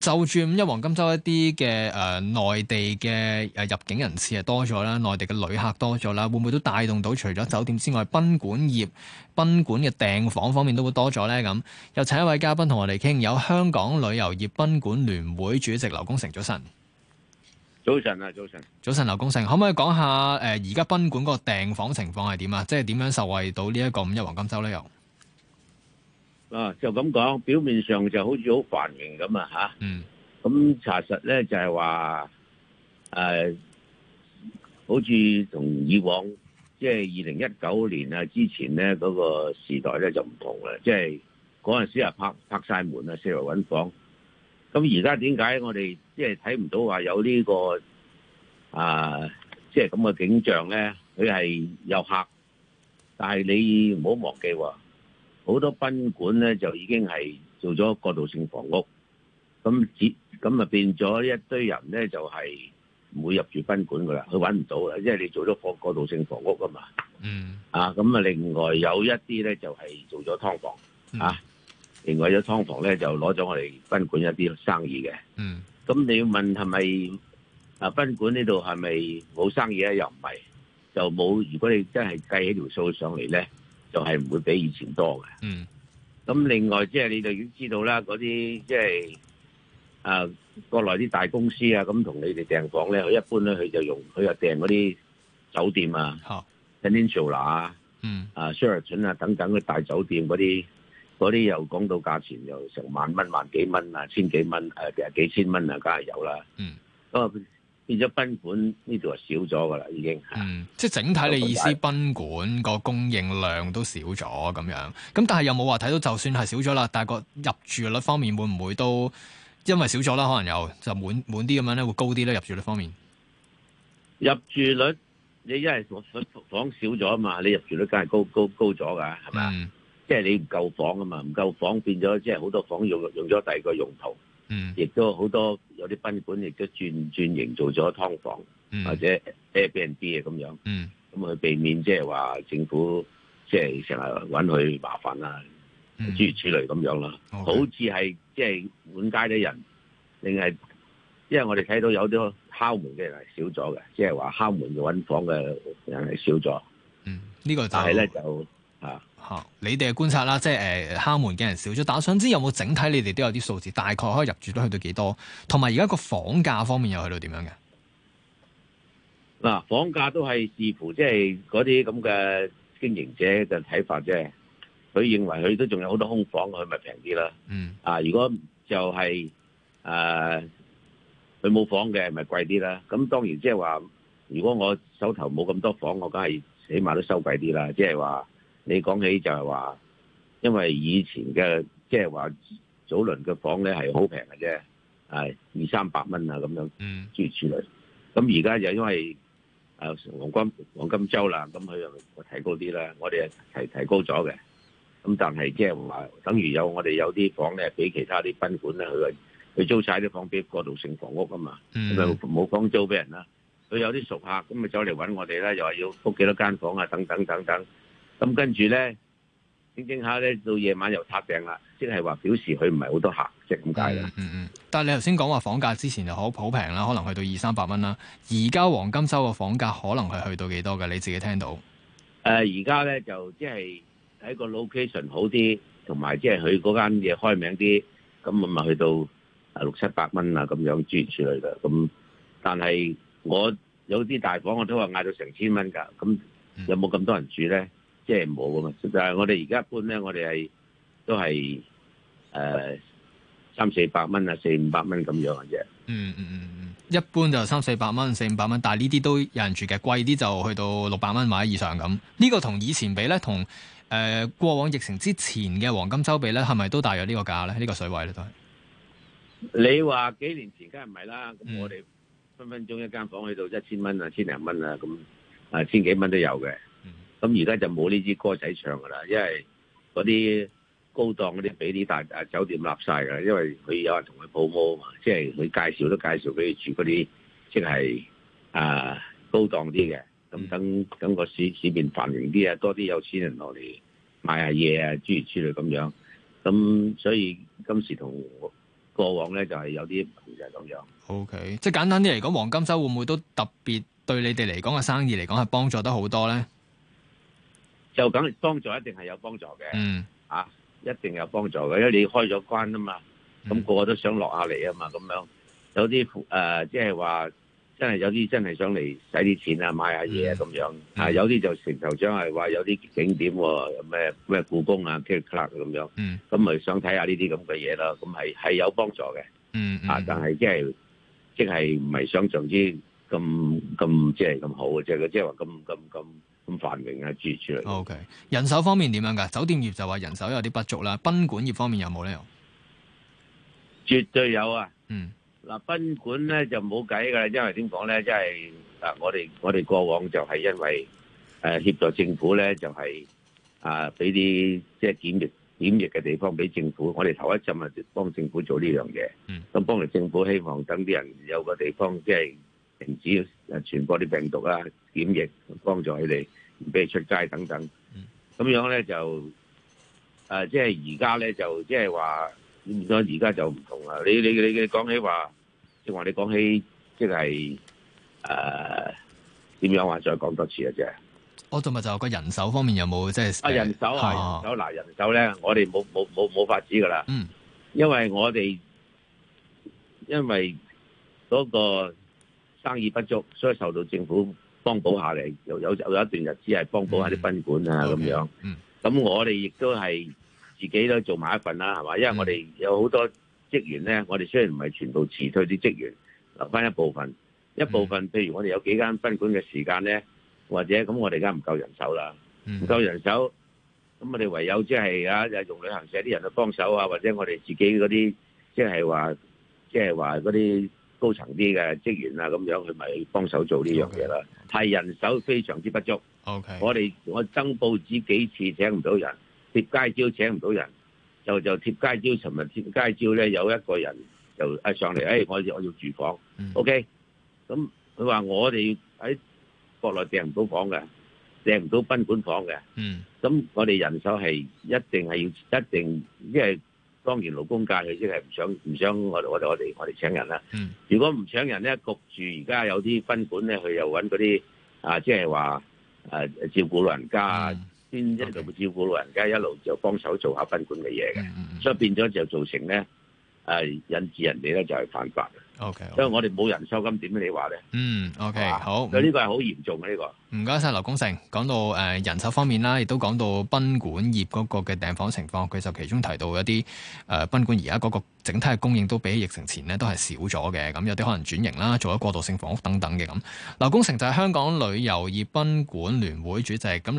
就住五一黃金周一啲嘅誒內地嘅誒入境人士係多咗啦，內地嘅旅客多咗啦，會唔會都帶動到除咗酒店之外，賓館業、賓館嘅訂房方面都會多咗呢？咁又請一位嘉賓同我哋傾，有香港旅遊業賓館聯會主席劉功成，早晨。早晨啊，早晨。早晨，劉功成，可唔可以講下誒而家賓館嗰個訂房情況係點啊？即係點樣受惠到呢一個五一黃金周呢？又？啊，uh, 就咁講，表面上就好似好繁榮咁啊，嚇、mm.。嗯、就是。咁查實咧，就係話，誒，好似同以往，即係二零一九年啊之前咧嗰個時代咧就唔同啦。即係嗰陣時啊，拍拍晒門啊，四圍揾房。咁而家點解我哋即係睇唔到話有呢、這個啊，即係咁嘅景象咧？佢係有客，但係你唔好忘記喎、啊。好多賓館咧就已經係做咗過渡性房屋，咁只咁啊變咗一堆人咧就係唔會入住賓館噶啦，佢揾唔到啦，因為你做咗過過渡性房屋㗎嘛。嗯。啊，咁、嗯、啊，另外有一啲咧就係做咗劏房啊，另外咗劏房咧就攞咗我哋賓館一啲生意嘅。嗯。咁你要問係咪啊賓館呢度係咪冇生意咧？又唔係，就冇。如果你真係計起條數上嚟咧。就係唔會比以前多嘅。嗯，咁另外即係你就要知道啦，嗰啲即係啊，國內啲大公司啊，咁同你哋訂房咧，佢一般咧佢就用佢又訂嗰啲酒店啊，Peninsula 啊，嗯、啊，啊 Sheraton 啊等等嘅大酒店嗰啲，啲又講到價錢又成萬蚊、萬幾蚊啊、千幾蚊誒、啊、幾千蚊啊，梗係有啦。嗯。咁啊。變咗賓館呢度係少咗噶啦，已經。嗯，即係整體你意思，賓館個供應量都少咗咁樣。咁但係有冇話睇到就算係少咗啦，但係個入住率方面會唔會都因為少咗啦？可能有就滿滿啲咁樣咧，會高啲咧，入住率方面。入住率你一係房少咗啊嘛，你入住率梗係高高高咗噶，係咪、嗯？即係你唔夠房啊嘛，唔夠房變咗即係好多房用用咗第二個用途。嗯，亦都好多有啲賓館亦都轉轉型做咗劏房，嗯、或者 Airbnb 啊，咁樣嗯嗯。嗯，咁啊，去避免即係話政府即係成日揾佢麻煩啦，嗯、諸如此類咁樣啦。okay. 好似係即係滿街啲人，定係，因為我哋睇到有啲敲門嘅人係少咗嘅，即係話敲門嘅揾房嘅人係少咗。嗯，這個就是、呢個但係咧就。啊！吓，你哋嘅觀察啦，即係誒敲門嘅人少咗，但我想知有冇整體？你哋都有啲數字，大概可以入住都去到幾多？同埋而家個房價方面又去到點樣嘅？嗱，房價都係視乎即係嗰啲咁嘅經營者嘅睇法啫。佢認為佢都仲有好多空房，佢咪平啲啦。嗯、啊，如果就係誒佢冇房嘅，咪貴啲啦。咁當然即係話，如果我手頭冇咁多房，我梗係起碼都收貴啲啦。即係話。你講起就係話，因為以前嘅即係話早輪嘅房咧係好平嘅啫，係二三百蚊啊咁樣諸如此類。咁而家就因為啊、呃、黃金黃金周啦，咁佢又提高啲啦。我哋係提提高咗嘅，咁但係即係話等於有我哋有啲房咧，俾其他啲賓館咧，佢佢租晒啲房俾過度性房屋啊嘛，咁就冇房租俾人啦。佢有啲熟客咁咪走嚟揾我哋咧，又話要 book 幾多間房啊，等等等等。等等。咁跟住咧，整整下咧，到夜晚又塌訂啦，即係話表示佢唔係好多客，即係咁解啦。嗯嗯，但係你頭先講話房價之前就可好平啦，可能去到二三百蚊啦。而家黃金周嘅房價可能係去到幾多嘅？你自己聽到誒？而、呃、家咧就即係喺個 location 好啲，同埋即係佢嗰間嘢開名啲，咁咁咪去到啊六七百蚊啊咁樣諸如此類嘅。咁但係我有啲大房我都話嗌到成千蚊㗎，咁有冇咁多人住咧？嗯即係冇啊嘛，但係我哋而家一般咧，我哋係都係誒、呃、三四百蚊啊，四五百蚊咁樣嘅啫。嗯嗯嗯嗯，一般就三四百蚊、四五百蚊，但係呢啲都有人住嘅，貴啲就去到六百蚊或者以上咁。呢、這個同以前比咧，同誒、呃、過往疫情之前嘅黃金周比咧，係咪都大約個價呢個價咧？呢、這個水位咧都係。你話幾年前梗係唔係啦，咁、嗯、我哋分分鐘一間房去到一千蚊啊，千零蚊啊，咁啊千幾蚊都有嘅。咁而家就冇呢支歌仔唱噶啦，因為嗰啲高檔嗰啲俾啲大酒店立晒噶啦，因為佢有人同佢鋪模，即係佢介紹都介紹俾佢住嗰啲，即係啊高檔啲嘅咁等等個市市面繁榮啲啊，多啲有錢人落嚟買下嘢啊，諸如此類咁樣。咁所以今時同過往咧，就係有啲唔同，就係咁樣。OK，即係簡單啲嚟講，黃金周會唔會都特別對你哋嚟講嘅生意嚟講係幫助得好多咧？就梗幫助，一定係有幫助嘅，嗯、啊，一定有幫助嘅，因為你開咗關啊嘛，咁個個都想落下嚟啊嘛，咁樣有啲誒，即係話真係有啲真係想嚟使啲錢啊，買下嘢啊咁樣，嗯嗯、啊有啲就成頭張係話有啲景點喎、啊，咩咩故宮啊 KTV 咁樣，咁咪想睇下呢啲咁嘅嘢咯，咁係係有幫助嘅，嗯、啊，但係即係即係唔係想像之咁咁即係咁好嘅，即係即係話咁咁咁。咁繁榮啊，諸如此類。O K。人手方面點樣噶？酒店業就話人手有啲不足啦。賓館業方面有冇咧？有，絕對有啊。嗯，嗱，賓館咧就冇計噶啦，因為點講咧，即係啊，我哋我哋過往就係因為誒協助政府咧，就係啊俾啲即係檢疫檢疫嘅地方俾政府。我哋頭一陣啊幫政府做呢樣嘢。嗯。咁當然政府希望等啲人有個地方即係停止誒傳播啲病毒啊，檢疫幫助佢哋。唔俾出街等等，咁樣咧就，誒、呃，即係而家咧就即係話，咁而家就唔同啦。你你你講起話，即係話你講起，即係誒，呃、點樣話再講多次啊？啫。我今日就個人手方面有冇即係？啊，人手啊，人手嗱，啊、人手咧，我哋冇冇冇冇法子噶啦。嗯。因、因為我哋，因為嗰個生意不足，所以受到政府。幫補下嚟，有有有有一段日子係幫補下啲賓館啊，咁樣。咁我哋亦都係自己都做埋一份啦，係嘛？因為我哋有好多職員咧，我哋雖然唔係全部辭退啲職員，留翻一部分，一部分譬如我哋有幾間賓館嘅時間咧，或者咁我哋而家唔夠人手啦，唔夠人手，咁我哋唯有即係啊，就用旅行社啲人去幫手啊，或者我哋自己嗰啲即係話即係話嗰啲。高層啲嘅職員啊，咁樣佢咪幫手做呢樣嘢啦？係人手非常之不足。我哋我登報紙幾次請唔到人，貼街招請唔到人，就就貼街招尋日貼街招咧，有一個人就誒上嚟，誒我我要住房。OK，咁佢話我哋喺國內訂唔到房嘅，訂唔到賓館房嘅。咁我哋人手係一定係要一定即係。當然勞工界佢先係唔想唔想我我我哋我哋請人啦。如果唔請人咧，焗住而家有啲賓館咧，佢又揾嗰啲啊，即係話啊照顧老人家，嗯、先一路照顧老人家、嗯、一路就幫手做下賓館嘅嘢嘅，嗯嗯嗯、所以變咗就造成咧誒、啊、引致人哋咧就係犯法。O Okay , K，、okay, 所以我哋冇人收金點，你話咧？嗯，O K，好。所以呢個係好嚴重嘅呢、這個。唔該晒。劉功成講到誒、呃、人手方面啦，亦都講到賓館業嗰個嘅訂房情況，佢就其中提到一啲誒、呃、賓館而家嗰個整體嘅供應都比起疫情前呢都係少咗嘅。咁有啲可能轉型啦，做咗過渡性房屋等等嘅咁。劉功成就係香港旅遊業賓館聯會主席咁。